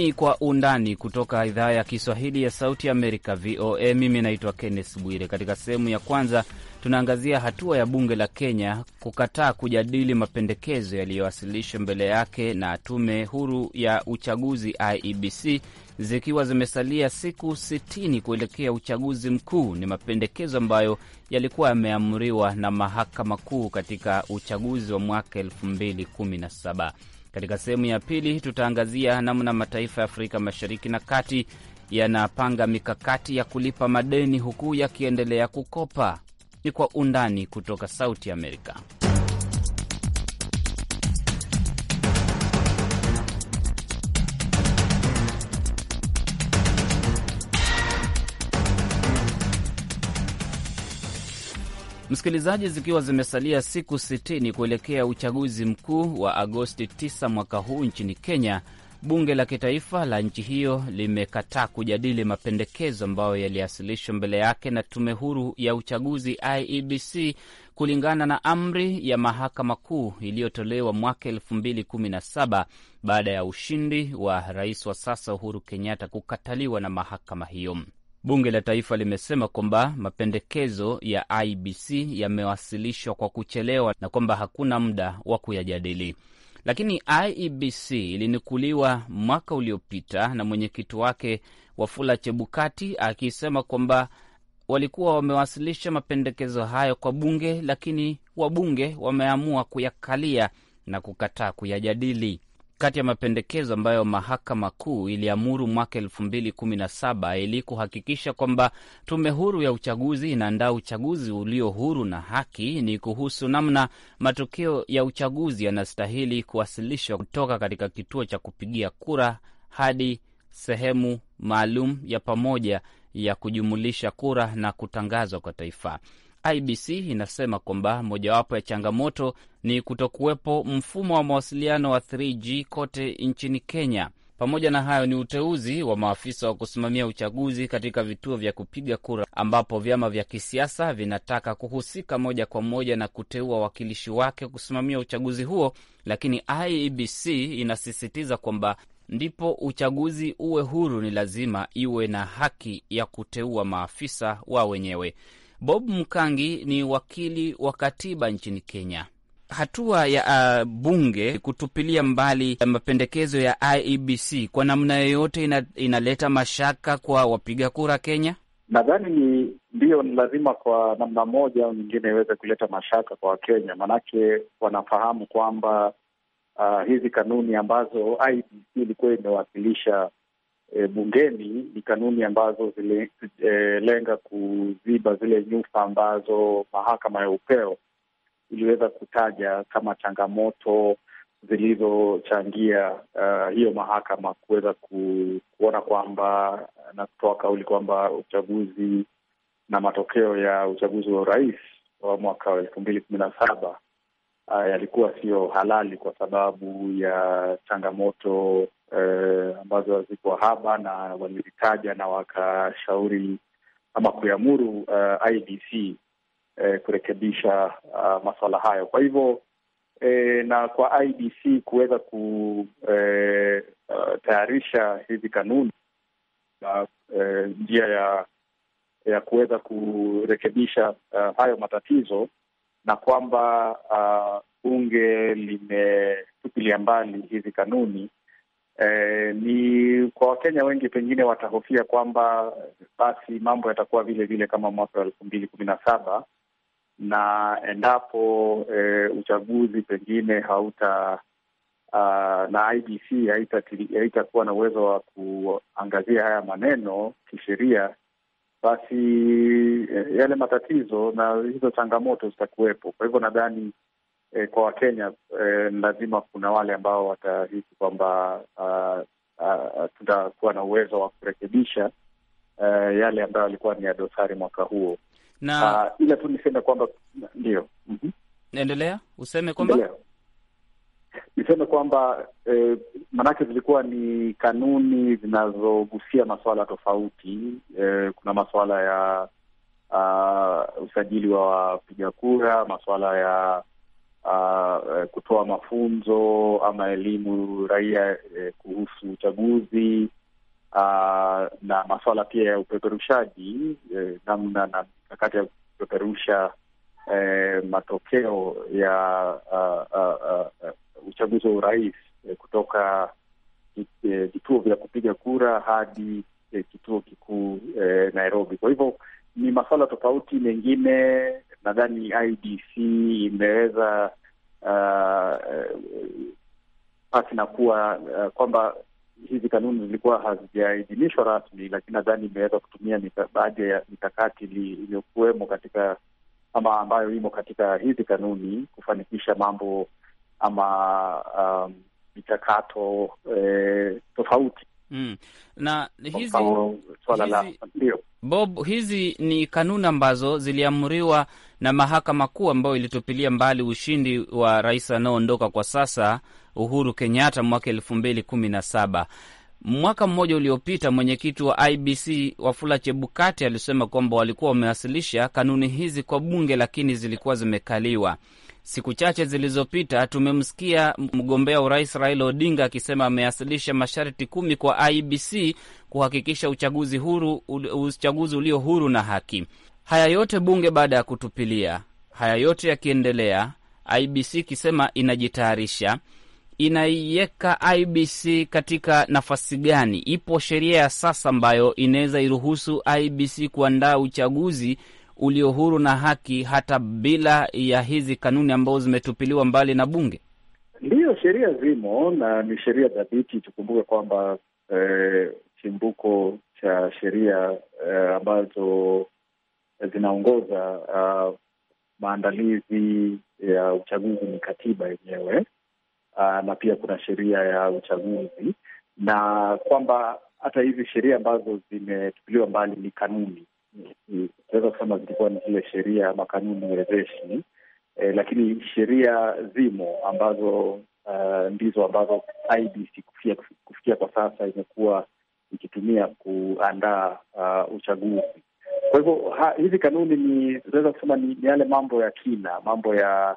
ni Kwa Undani kutoka idhaa ya Kiswahili ya Sauti Amerika, VOA. Mimi naitwa Kenneth Bwire. Katika sehemu ya kwanza, tunaangazia hatua ya bunge la Kenya kukataa kujadili mapendekezo yaliyowasilishwa mbele yake na Tume Huru ya Uchaguzi, IEBC, zikiwa zimesalia siku 60 kuelekea uchaguzi mkuu. Ni mapendekezo ambayo yalikuwa yameamriwa na Mahakama Kuu katika uchaguzi wa mwaka 217 katika sehemu ya pili, tutaangazia namna mataifa ya Afrika Mashariki na Kati yanapanga mikakati ya kulipa madeni huku yakiendelea kukopa. Ni kwa undani kutoka Sauti Amerika. Msikilizaji, zikiwa zimesalia siku 60 kuelekea uchaguzi mkuu wa Agosti 9 mwaka huu nchini Kenya, bunge la kitaifa la nchi hiyo limekataa kujadili mapendekezo ambayo yaliwasilishwa mbele yake na tume huru ya uchaguzi IEBC kulingana na amri ya mahakama kuu iliyotolewa mwaka 217 baada ya ushindi wa rais wa sasa Uhuru Kenyatta kukataliwa na mahakama hiyo. Bunge la Taifa limesema kwamba mapendekezo ya IBC yamewasilishwa kwa kuchelewa na kwamba hakuna muda wa kuyajadili. Lakini IEBC ilinukuliwa mwaka uliopita na mwenyekiti wake Wafula Chebukati akisema kwamba walikuwa wamewasilisha mapendekezo hayo kwa bunge, lakini wabunge wameamua kuyakalia na kukataa kuyajadili kati ya mapendekezo ambayo mahakama kuu iliamuru mwaka elfu mbili kumi na saba ili kuhakikisha kwamba tume huru ya uchaguzi inaandaa uchaguzi ulio huru na haki ni kuhusu namna matokeo ya uchaguzi yanastahili kuwasilishwa kutoka katika kituo cha kupigia kura hadi sehemu maalum ya pamoja ya kujumulisha kura na kutangazwa kwa taifa. IBC inasema kwamba mojawapo ya changamoto ni kutokuwepo mfumo wa mawasiliano wa 3G kote nchini Kenya. Pamoja na hayo ni uteuzi wa maafisa wa kusimamia uchaguzi katika vituo vya kupiga kura, ambapo vyama vya kisiasa vinataka kuhusika moja kwa moja na kuteua wakilishi wake kusimamia uchaguzi huo, lakini IEBC inasisitiza kwamba ndipo uchaguzi uwe huru, ni lazima iwe na haki ya kuteua maafisa wa wenyewe. Bob Mkangi ni wakili wa katiba nchini Kenya. Hatua ya uh, bunge kutupilia mbali uh, mapendekezo ya IEBC kwa namna yoyote ina, inaleta mashaka kwa wapiga kura Kenya. Nadhani ndiyo, ni lazima kwa namna moja au nyingine iweze kuleta mashaka kwa Wakenya, maanake wanafahamu kwamba uh, hizi kanuni ambazo IEBC ilikuwa imewakilisha e, bungeni ni kanuni ambazo zililenga eh, e, kuziba zile nyufa ambazo mahakama ya upeo iliweza kutaja kama changamoto zilizochangia uh, hiyo mahakama kuweza ku, kuona kwamba na kutoa kauli kwamba uchaguzi na matokeo ya uchaguzi wa urais wa mwaka wa elfu mbili kumi na saba uh, yalikuwa siyo halali kwa sababu ya changamoto eh, ambazo ziko haba na walizitaja na wakashauri ama kuiamuru uh, eh, IDC eh, kurekebisha uh, eh, masuala hayo. Kwa hivyo eh, na kwa IDC kuweza kutayarisha eh, uh, hizi kanuni na njia ya ya kuweza kurekebisha uh, hayo matatizo na kwamba uh, bunge limetupilia mbali hizi kanuni Eh, ni kwa Wakenya wengi pengine watahofia kwamba basi mambo yatakuwa vile vile kama mwaka wa elfu mbili kumi na saba na endapo eh, uchaguzi pengine hauta uh, na IBC haitakuwa na uwezo wa kuangazia haya maneno kisheria, basi eh, yale matatizo na hizo changamoto zitakuwepo. Kwa hivyo nadhani eh, kwa Wakenya eh, lazima kuna wale ambao watahisi kwamba ah, ah, tutakuwa na uwezo wa kurekebisha Uh, yale ambayo alikuwa ni ya dosari mwaka huo na uh, ila tu niseme kwamba ndio, mm -hmm. Naendelea useme kwamba Niseme kwamba eh, maanake zilikuwa ni kanuni zinazogusia masuala tofauti eh, kuna masuala ya uh, usajili wa wapiga kura, masuala ya uh, eh, kutoa mafunzo ama elimu raia eh, kuhusu uchaguzi uh, na masuala pia ya upeperushaji eh, namna na mikakati ya kupeperusha eh, matokeo ya uh, uh, uh, uchaguzi wa urais eh, kutoka eh, vituo eh, vya kupiga kura hadi eh, kituo kikuu eh, Nairobi. Kwa hivyo ni masuala tofauti mengine. Nadhani IDC imeweza uh, pasi na kuwa uh, kwamba hizi kanuni zilikuwa hazijaidhinishwa rasmi, lakini nadhani imeweza kutumia baadhi ya mikakati iliyokuwemo katika ama ambayo imo katika hizi kanuni kufanikisha mambo ama um, michakato eh, tofauti Mm. Na hizi, hizi, Bob, hizi ni kanuni ambazo ziliamriwa na mahakama kuu ambayo ilitupilia mbali ushindi wa rais anaoondoka kwa sasa Uhuru Kenyatta mwaka elfu mbili kumi na saba. Mwaka mmoja uliopita mwenyekiti wa IBC Wafula Chebukati alisema kwamba walikuwa wamewasilisha kanuni hizi kwa bunge, lakini zilikuwa zimekaliwa. Siku chache zilizopita tumemsikia mgombea urais Raila Odinga akisema amewasilisha masharti kumi kwa IBC kuhakikisha uchaguzi huru, uchaguzi ulio huru na haki. Haya yote bunge baada ya kutupilia, haya yote yakiendelea, IBC ikisema inajitayarisha, inaiweka IBC katika nafasi gani? Ipo sheria ya sasa ambayo inaweza iruhusu IBC kuandaa uchaguzi ulio huru na haki hata bila ya hizi kanuni ambazo zimetupiliwa mbali na bunge? Ndiyo, sheria zimo na ni sheria dhabiti. Tukumbuke kwamba chimbuko eh, chimbuko cha sheria e, ambazo zinaongoza ah, maandalizi ya uchaguzi ni katiba yenyewe, ah, na pia kuna sheria ya uchaguzi, na kwamba hata hizi sheria ambazo zimetupiliwa mbali ni kanuni zinaweza kusema zilikuwa ni zile sheria ama kanuni wezeshi e, eh, lakini sheria zimo ambazo uh, ndizo ambazo IBC kufikia, kufikia kwa sasa imekuwa ikitumia kuandaa uh, uchaguzi. Kwa hivyo hizi kanuni ni tunaweza kusema ni yale mambo ya kina, mambo ya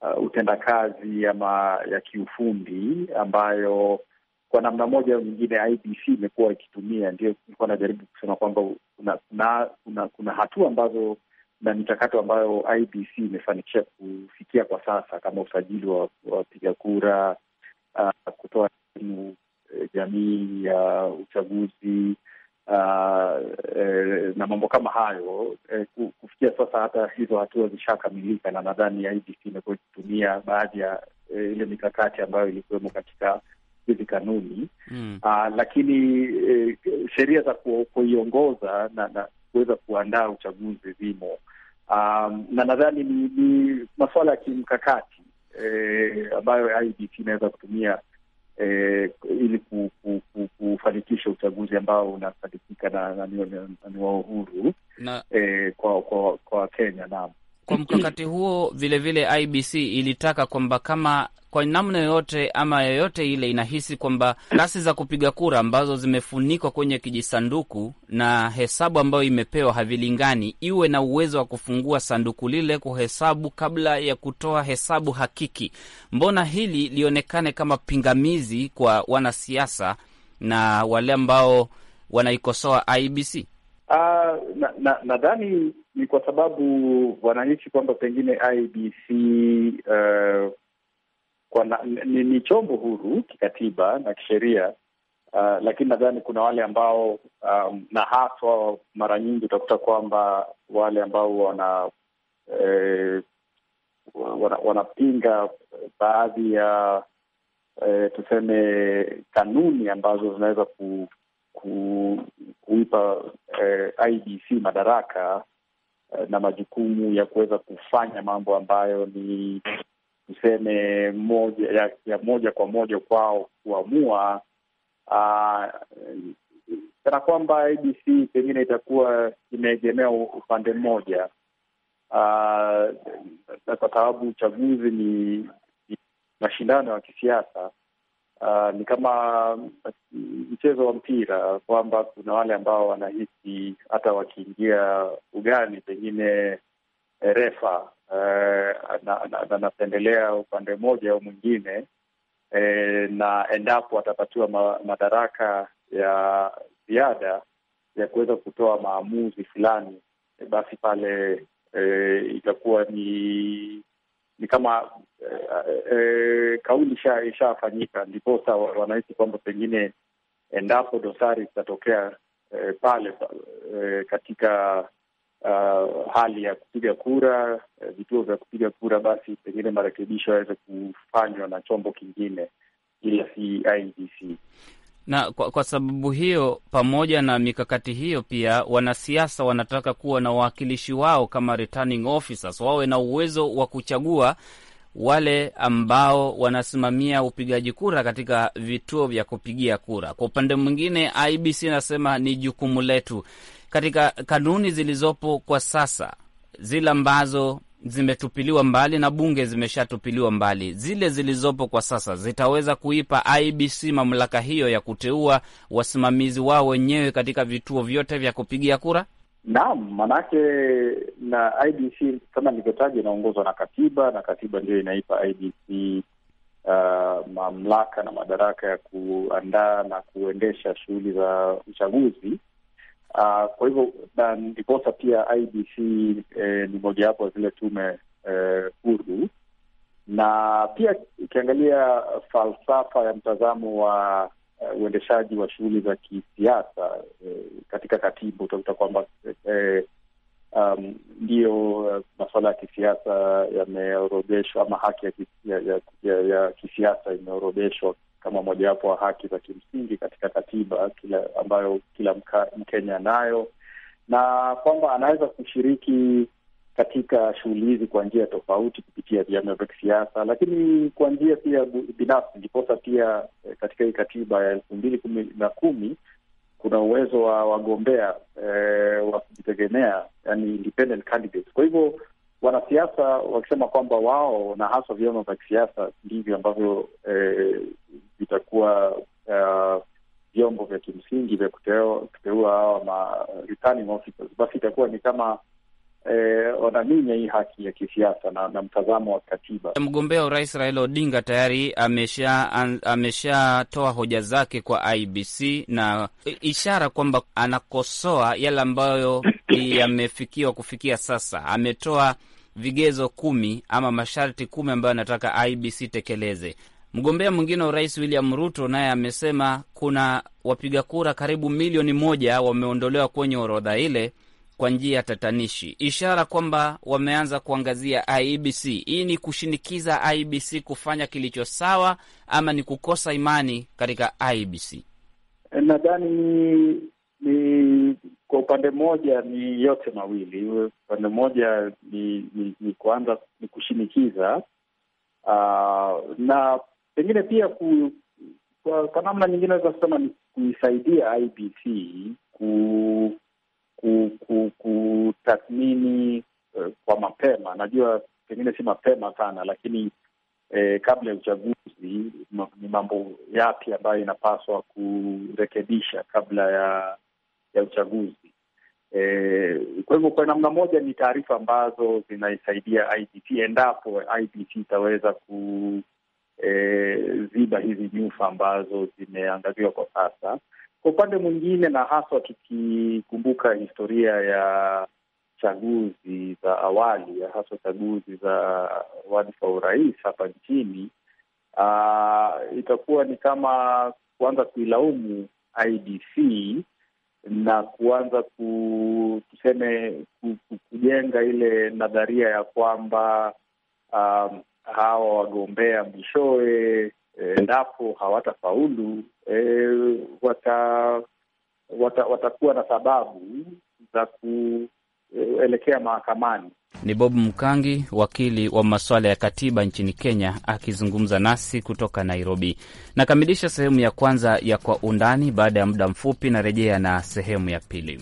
uh, utendakazi ama ya kiufundi ambayo kwa namna moja au nyingine IBC imekuwa ikitumia. Ndio ilikuwa najaribu kusema kwamba kuna, kuna, kuna, kuna hatua ambazo na michakato ambayo IBC imefanikisha kufikia kwa sasa kama usajili wa wapiga kura, uh, kutoa elimu e, jamii ya uh, uchaguzi uh, eh, na mambo kama hayo eh, kufikia sasa hata hizo hatua zishakamilika, na nadhani IBC imekuwa ikitumia baadhi ya eh, ile mikakati ambayo ilikuwemo katika hizi kanuni mm. Aa, ah, lakini e, sheria za kuiongoza na, na kuweza kuandaa uchaguzi zimo. Um, na nadhani ni, ni masuala ya kimkakati eh, ambayo IEBC inaweza kutumia eh, ili ku, ku, ku, kufanikisha uchaguzi ambao unafanikika na, na, na ni wa uhuru na... eh, kwa, kwa, kwa Kenya naam. Kwa mkakati huo vilevile vile IBC ilitaka kwamba kama kwa namna yoyote ama yoyote ile inahisi kwamba rasi za kupiga kura ambazo zimefunikwa kwenye kijisanduku na hesabu ambayo imepewa havilingani, iwe na uwezo wa kufungua sanduku lile kuhesabu kabla ya kutoa hesabu hakiki. Mbona hili lionekane kama pingamizi kwa wanasiasa na wale ambao wanaikosoa IBC? Nadhani na, na ni kwa sababu wananchi kwamba pengine IBC uh eh, kwa na, ni, ni chombo huru kikatiba na kisheria uh, lakini nadhani kuna wale ambao um, na haswa mara nyingi utakuta kwamba wale ambao wana eh, wanapinga wana baadhi ya eh, tuseme kanuni ambazo zinaweza ku, ku, kuipa eh, IBC madaraka eh, na majukumu ya kuweza kufanya mambo ambayo ni tuseme moja ya, ya moja kwa moja kwao kuamua kana kwamba ABC pengine itakuwa imeegemea upande mmoja kwa sababu uchaguzi ni, ni mashindano ya kisiasa. ni kama mchezo wa mpira kwamba kuna wale ambao wanahisi hata wakiingia ugani pengine refa uh, anapendelea upande mmoja au mwingine eh, na endapo atapatiwa ma, madaraka ya ziada ya kuweza kutoa maamuzi fulani eh, basi pale eh, itakuwa ni ni kama eh, eh, kauli ishafanyika, ndiposa wanahisi kwamba pengine endapo dosari zitatokea eh, pale eh, katika uh, hali ya kupiga kura eh, vituo vya kupiga kura, basi pengine marekebisho yaweze kufanywa na chombo kingine ila si na kwa, kwa sababu hiyo, pamoja na mikakati hiyo, pia wanasiasa wanataka kuwa na wawakilishi wao kama returning officers, wawe na uwezo wa kuchagua wale ambao wanasimamia upigaji kura katika vituo vya kupigia kura. Kwa upande mwingine, IBC inasema ni jukumu letu katika kanuni zilizopo kwa sasa, zile ambazo zimetupiliwa mbali na bunge zimeshatupiliwa mbali, zile zilizopo kwa sasa zitaweza kuipa IBC mamlaka hiyo ya kuteua wasimamizi wao wenyewe katika vituo vyote vya kupigia kura? Naam, manake na IBC kama nilivyotaja inaongozwa na katiba, na katiba ndiyo inaipa IBC uh, mamlaka na madaraka ya kuandaa na kuendesha shughuli za uchaguzi Uh, kwa hivyo ndiposa pia IBC eh, ni mojawapo ya zile tume eh, huru na pia ukiangalia falsafa ya mtazamo wa uh, uendeshaji wa shughuli za kisiasa eh, katika katiba utakuta kwamba eh, um, ndiyo uh, masuala ya kisiasa yameorodheshwa ama haki ya, ya, ya, ya kisiasa imeorodheshwa kama mojawapo wa haki za kimsingi katika katiba kila, ambayo kila Mkenya anayo na kwamba anaweza kushiriki katika shughuli hizi kwa njia tofauti kupitia vyama vya kisiasa, lakini kwa njia pia binafsi. Ndiposa pia eh, katika hii katiba ya elfu mbili kumi na kumi kuna uwezo wa wagombea e, wa kujitegemea, yani independent candidates. Kwa hivyo wanasiasa wakisema kwamba wao na haswa vyama vya kisiasa ndivyo ambavyo eh, vitakuwa eh, vyombo uh, vya kimsingi vya kuteua hawa ma returning uh, officers, basi itakuwa ni kama eh, wanaminya hii haki ya kisiasa na, na mtazamo wa katiba. Mgombea urais Raila Odinga tayari ameshatoa amesha hoja zake kwa IBC na ishara kwamba anakosoa yale ambayo yamefikiwa kufikia sasa. Ametoa vigezo kumi ama masharti kumi ambayo anataka IBC tekeleze. Mgombea mwingine wa urais William Ruto naye amesema kuna wapiga kura karibu milioni moja wameondolewa kwenye orodha ile kwa njia tatanishi, ishara kwamba wameanza kuangazia ibc Hii ni kushinikiza ibc kufanya kilicho sawa, ama ni kukosa imani katika ibc eh, Nadhani ni kwa upande mmoja ni yote mawili. Upande mmoja ni, ni, ni kuanza ni kushinikiza uh, na pengine pia ku, kwa, kwa namna nyingine naweza kusema ni kuisaidia IBC ku kutathmini eh, kwa mapema. Najua pengine si mapema sana, lakini eh, kabla ya uchaguzi ni mambo yapi ambayo inapaswa kurekebisha kabla ya ya uchaguzi. Eh, kwa hivyo kwa namna moja ni taarifa ambazo zinaisaidia IDP endapo IDP itaweza kuziba eh, hizi nyufa ambazo zimeangaziwa kwa sasa kwa upande mwingine, na haswa tukikumbuka historia ya chaguzi za awali, haswa chaguzi za wadhifa wa urais hapa nchini, uh, itakuwa ni kama kuanza kuilaumu IDC na kuanza ku, tuseme ku, ku, kujenga ile nadharia ya kwamba um, hawa wagombea mwishowe endapo hawatafaulu e, wata, wata, watakuwa na sababu za kuelekea mahakamani. Ni Bob Mkangi, wakili wa masuala ya katiba nchini Kenya, akizungumza nasi kutoka Nairobi. Nakamilisha sehemu ya kwanza ya Kwa Undani. Baada ya muda mfupi, narejea na sehemu ya pili.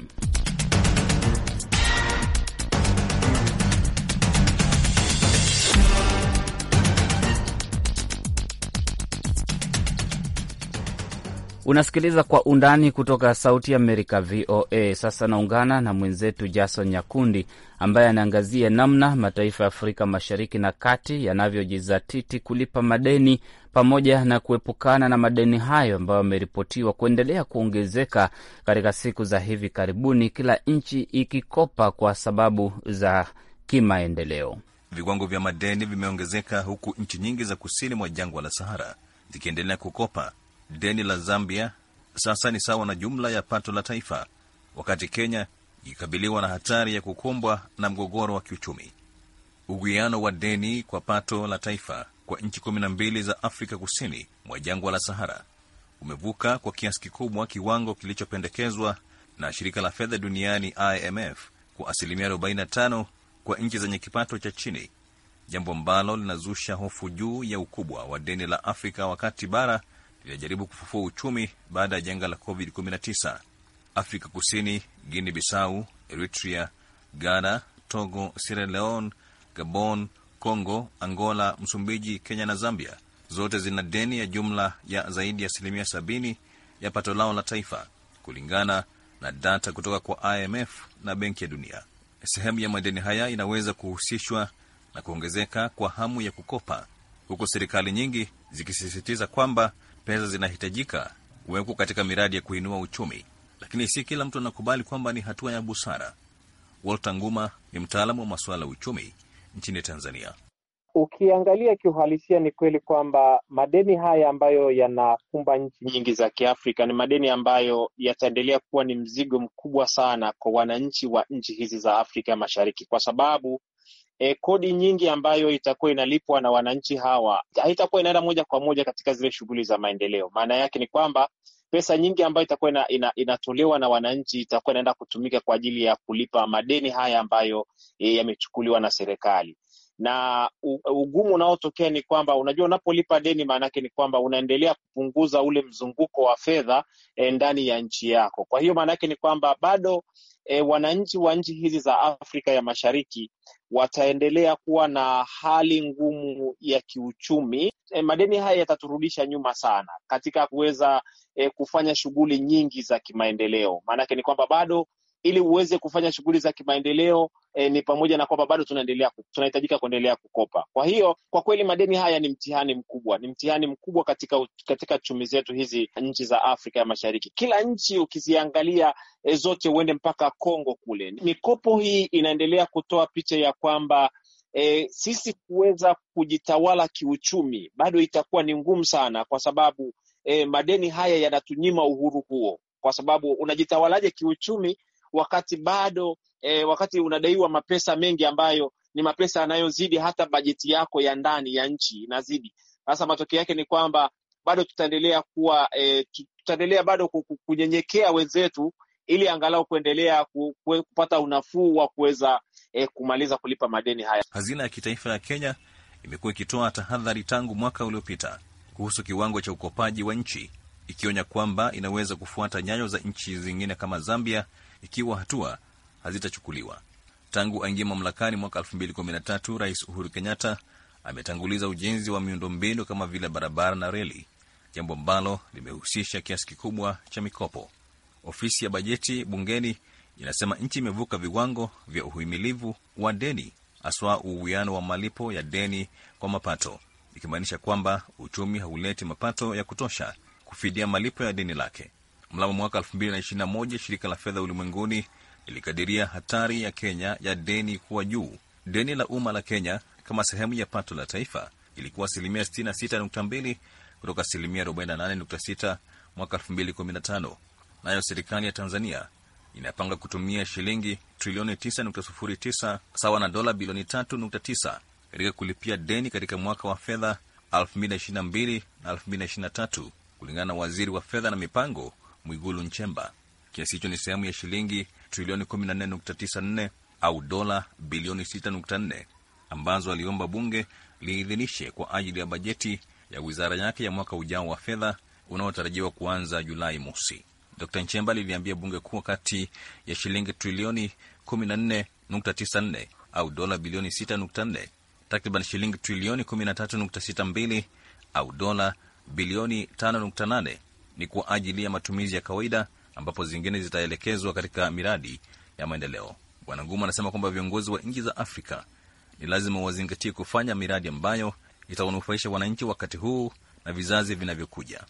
Unasikiliza kwa undani kutoka Sauti Amerika, VOA. Sasa naungana na mwenzetu Jason Nyakundi ambaye anaangazia namna mataifa ya Afrika Mashariki na Kati yanavyojizatiti kulipa madeni pamoja na kuepukana na madeni hayo ambayo yameripotiwa kuendelea kuongezeka katika siku za hivi karibuni, kila nchi ikikopa kwa sababu za kimaendeleo. Viwango vya madeni vimeongezeka huku nchi nyingi za kusini mwa jangwa la Sahara zikiendelea kukopa deni la Zambia sasa ni sawa na jumla ya pato la taifa, wakati Kenya ikikabiliwa na hatari ya kukumbwa na mgogoro wa kiuchumi. Uwiano wa deni kwa pato la taifa kwa nchi kumi na mbili za Afrika kusini mwa jangwa la Sahara umevuka kwa kiasi kikubwa kiwango kilichopendekezwa na shirika la fedha duniani IMF kwa asilimia 45 kwa nchi zenye kipato cha chini, jambo ambalo linazusha hofu juu ya ukubwa wa deni la Afrika wakati bara inajaribu kufufua uchumi baada ya janga la COVID-19. Afrika Kusini, Guinea Bissau, Eritrea, Ghana, Togo, Sierra Leone, Gabon, Congo, Angola, Msumbiji, Kenya na Zambia zote zina deni ya jumla ya zaidi ya asilimia 70 ya pato lao la taifa kulingana na data kutoka kwa IMF na Benki ya Dunia. Sehemu ya madeni haya inaweza kuhusishwa na kuongezeka kwa hamu ya kukopa, huku serikali nyingi zikisisitiza kwamba pesa zinahitajika kuwekwa katika miradi ya kuinua uchumi, lakini si kila mtu anakubali kwamba ni hatua ya busara. Walter Nguma ni mtaalamu wa masuala ya uchumi nchini Tanzania. Ukiangalia kiuhalisia, ni kweli kwamba madeni haya ambayo yanakumba nchi nyingi za Kiafrika ni madeni ambayo yataendelea kuwa ni mzigo mkubwa sana kwa wananchi wa nchi hizi za Afrika Mashariki, kwa sababu e, kodi nyingi ambayo itakuwa inalipwa na wananchi hawa haitakuwa inaenda moja kwa moja katika zile shughuli za maendeleo. Maana yake ni kwamba pesa nyingi ambayo itakuwa ina, ina, inatolewa na wananchi itakuwa inaenda kutumika kwa ajili ya kulipa madeni haya ambayo e, yamechukuliwa na serikali na ugumu unaotokea ni kwamba unajua, unapolipa deni maanaake ni kwamba unaendelea kupunguza ule mzunguko wa fedha eh, ndani ya nchi yako. Kwa hiyo maanake ni kwamba bado e, wananchi wa nchi hizi za Afrika ya Mashariki wataendelea kuwa na hali ngumu ya kiuchumi. E, madeni haya yataturudisha nyuma sana katika kuweza e, kufanya shughuli nyingi za kimaendeleo. Maanake ni kwamba bado ili uweze kufanya shughuli za kimaendeleo e, ni pamoja na kwamba bado tunaendelea tunahitajika kuendelea kukopa. Kwa hiyo kwa kweli madeni haya ni mtihani mkubwa, ni mtihani mkubwa katika katika chumi zetu hizi nchi za Afrika ya Mashariki. Kila nchi ukiziangalia e, zote uende mpaka Kongo kule, mikopo hii inaendelea kutoa picha ya kwamba E, sisi kuweza kujitawala kiuchumi bado itakuwa ni ngumu sana, kwa sababu e, madeni haya yanatunyima uhuru huo, kwa sababu unajitawalaje kiuchumi wakati bado e, wakati unadaiwa mapesa mengi ambayo ni mapesa yanayozidi hata bajeti yako ya ndani ya nchi inazidi. Sasa matokeo yake ni kwamba bado tutaendelea kuwa e, tutaendelea bado kunyenyekea wenzetu, ili angalau kuendelea kupata unafuu wa kuweza e, kumaliza kulipa madeni haya. Hazina ya kitaifa ya Kenya imekuwa ikitoa tahadhari tangu mwaka uliopita kuhusu kiwango cha ukopaji wa nchi, ikionya kwamba inaweza kufuata nyayo za nchi zingine kama Zambia ikiwa hatua hazitachukuliwa. Tangu aingie mamlakani mwaka 2013 Rais Uhuru Kenyatta ametanguliza ujenzi wa miundombinu kama vile barabara na reli, jambo ambalo limehusisha kiasi kikubwa cha mikopo. Ofisi ya bajeti bungeni inasema nchi imevuka viwango vya uhimilivu wa deni, haswa uwiano wa malipo ya deni kwa mapato, ikimaanisha kwamba uchumi hauleti mapato ya kutosha kufidia malipo ya deni lake. Mnamo mwaka 2021 shirika la fedha ulimwenguni lilikadiria hatari ya Kenya ya deni kuwa juu. Deni la umma la Kenya kama sehemu ya pato la taifa ilikuwa asilimia 66.2 kutoka asilimia 48.6 mwaka 2015. Nayo serikali ya Tanzania inapanga kutumia shilingi trilioni 9.09 sawa na dola bilioni 3.9 katika kulipia deni katika mwaka wa fedha 2022 na 2023, kulingana na waziri wa fedha na mipango Mwigulu Nchemba. Kiasi hicho ni sehemu ya shilingi trilioni 14.94 au dola bilioni 6.4 ambazo aliomba bunge liidhinishe kwa ajili ya bajeti ya wizara yake ya mwaka ujao wa fedha unaotarajiwa kuanza Julai mosi. Dr Nchemba liliambia bunge kuwa kati ya shilingi trilioni 14.94 au dola bilioni 6.4 takriban shilingi trilioni 13.62 au dola bilioni ni kwa ajili ya matumizi ya kawaida, ambapo zingine zitaelekezwa katika miradi ya maendeleo. Bwana Nguma anasema kwamba viongozi wa nchi za Afrika ni lazima wazingatie kufanya miradi ambayo itawanufaisha wananchi wakati huu na vizazi vinavyokuja.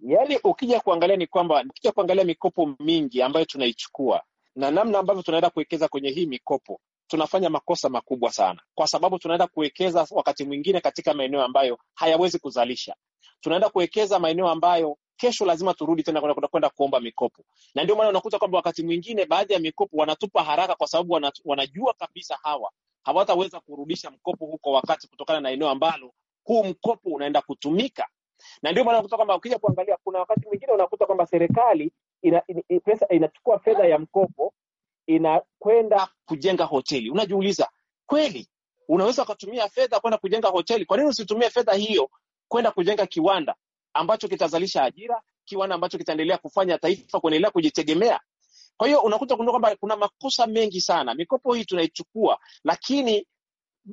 Yale yaani, ukija kuangalia ni kwamba ukija kuangalia mikopo mingi ambayo tunaichukua na namna ambavyo tunaenda kuwekeza kwenye hii mikopo, tunafanya makosa makubwa sana, kwa sababu tunaenda kuwekeza wakati mwingine katika maeneo ambayo hayawezi kuzalisha. Tunaenda kuwekeza maeneo ambayo kesho lazima turudi tena kwenda kwenda kuomba mikopo, na ndio maana unakuta kwamba wakati mwingine baadhi ya mikopo wanatupa haraka, kwa sababu wanajua kabisa hawa hawataweza kurudisha mkopo huu kwa wakati, kutokana na eneo ambalo huu mkopo unaenda kutumika. Na ndio maana unakuta kwamba ukija kuangalia, kuna wakati mwingine unakuta kwamba serikali ina, ina, pesa inachukua fedha ya mkopo inakwenda kujenga hoteli. Unajiuliza, kweli unaweza ukatumia fedha kwenda kujenga hoteli? Kwa nini usitumie fedha hiyo kwenda kujenga kiwanda? ambacho kitazalisha ajira, kiwanda ambacho kitaendelea kufanya taifa kuendelea kujitegemea. Kwa hiyo unakuta kuna kwamba kuna makosa mengi sana. Mikopo hii tunaichukua, lakini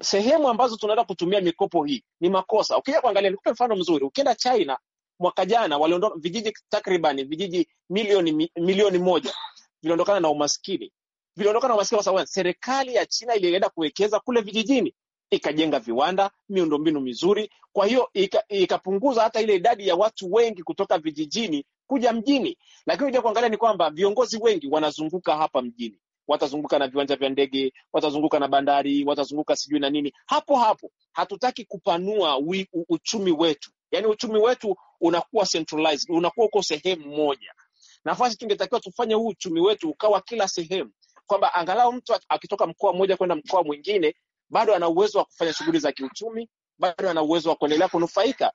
sehemu ambazo tunaenda kutumia mikopo hii ni makosa. Ukija kuangalia, nikupe mfano mzuri, ukienda China mwaka jana waliondoka vijiji takriban vijiji milioni milioni moja viliondokana na umaskini, viliondokana na umaskini kwa sababu serikali ya China ilienda kuwekeza kule vijijini ikajenga viwanda, miundombinu mizuri. Kwa hiyo ikapunguza ika hata ile idadi ya watu wengi kutoka vijijini kuja mjini. Lakini ja kuangalia ni kwamba viongozi wengi wanazunguka hapa mjini, watazunguka na viwanja vya ndege, watazunguka na bandari, watazunguka sijui na nini. Hapo hapo hatutaki kupanua wi, u, uchumi wetu, yaani uchumi wetu unakuwa centralized, unakuwa uko sehemu moja. Nafasi tungetakiwa tufanye huu uchumi wetu ukawa kila sehemu, kwamba angalau mtu akitoka mkoa mmoja kwenda mkoa mwingine bado ana uwezo wa kufanya shughuli za kiuchumi, bado ana uwezo wa kuendelea kunufaika.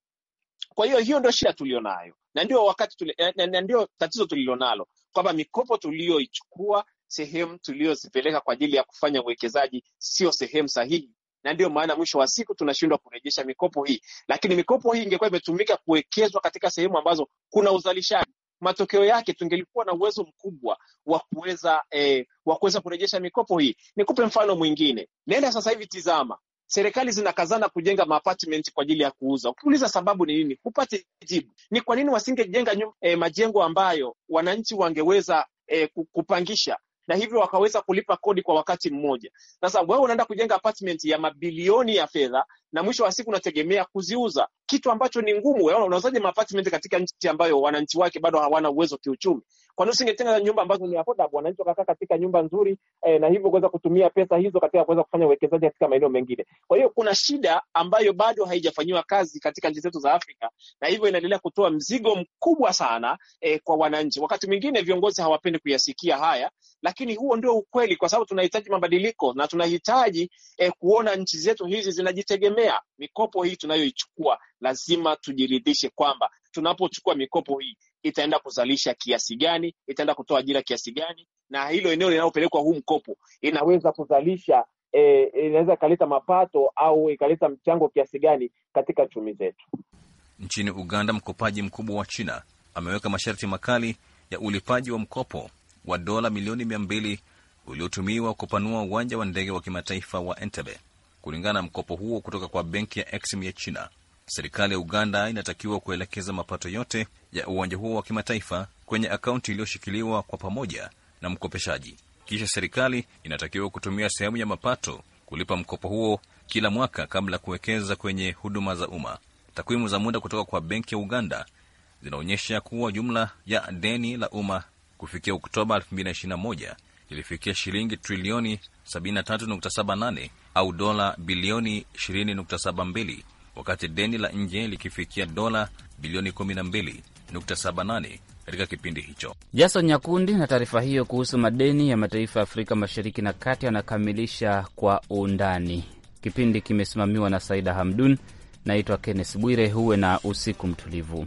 Kwa hiyo hiyo ndio shida tulionayo na ndio wakati tuli, eh, na ndio tatizo tulilonalo kwamba mikopo tuliyoichukua, sehemu tuliyozipeleka kwa ajili ya kufanya uwekezaji sio sehemu sahihi, na ndio maana mwisho wa siku tunashindwa kurejesha mikopo hii. Lakini mikopo hii ingekuwa imetumika kuwekezwa katika sehemu ambazo kuna uzalishaji, matokeo yake tungelikuwa na uwezo mkubwa wa kuweza eh, wa kuweza kurejesha mikopo hii. Nikupe mfano mwingine, nenda sasa hivi, tizama serikali zinakazana kujenga maapartment kwa ajili ya kuuza. Ukiuliza sababu ni nini, hupate jibu. Ni kwa nini wasingejenga eh, majengo ambayo wananchi wangeweza eh, kupangisha na hivyo wakaweza kulipa kodi kwa wakati mmoja. Sasa wewe unaenda kujenga apartment ya mabilioni ya fedha, na mwisho wa siku unategemea kuziuza, kitu ambacho ni ngumu. Unauzaje maapartment katika nchi ambayo wananchi wake bado hawana uwezo kiuchumi? Kwa nini usingetenga nyumba ambazo ni affordable, wananchi wakakaa katika nyumba nzuri eh, na hivyo kuweza kutumia pesa hizo katika kuweza kufanya uwekezaji katika maeneo mengine. Kwa hiyo kuna shida ambayo bado haijafanyiwa kazi katika nchi zetu za Afrika, na hivyo inaendelea kutoa mzigo mkubwa sana eh, kwa wananchi. Wakati mwingine viongozi hawapendi kuyasikia haya lakini huo ndio ukweli, kwa sababu tunahitaji mabadiliko na tunahitaji eh, kuona nchi zetu hizi zinajitegemea. Mikopo hii tunayoichukua lazima tujiridhishe kwamba tunapochukua mikopo hii itaenda kuzalisha kiasi gani, itaenda kutoa ajira kiasi gani, na hilo eneo linalopelekwa huu mkopo inaweza kuzalisha eh, inaweza ikaleta mapato au ikaleta mchango kiasi gani katika chumi zetu. Nchini Uganda, mkopaji mkubwa wa China ameweka masharti makali ya ulipaji wa mkopo wa dola milioni mia mbili uliotumiwa kupanua uwanja wa ndege wa kimataifa wa Entebbe. Kulingana na mkopo huo kutoka kwa benki ya Exim ya China, serikali ya Uganda inatakiwa kuelekeza mapato yote ya uwanja huo wa kimataifa kwenye akaunti iliyoshikiliwa kwa pamoja na mkopeshaji. Kisha serikali inatakiwa kutumia sehemu ya mapato kulipa mkopo huo kila mwaka kabla ya kuwekeza kwenye huduma za umma. Takwimu za muda kutoka kwa benki ya Uganda zinaonyesha kuwa jumla ya deni la umma kufikia Oktoba 2021 ilifikia shilingi trilioni 73.78 au dola bilioni 20.72, wakati deni la nje likifikia dola bilioni 12.78 katika kipindi hicho. Jason Nyakundi na taarifa hiyo kuhusu madeni ya mataifa ya Afrika Mashariki na Kati anakamilisha kwa undani. Kipindi kimesimamiwa na Saida Hamdun. Naitwa Kenneth Bwire. Huwe na usiku mtulivu.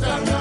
Nunca me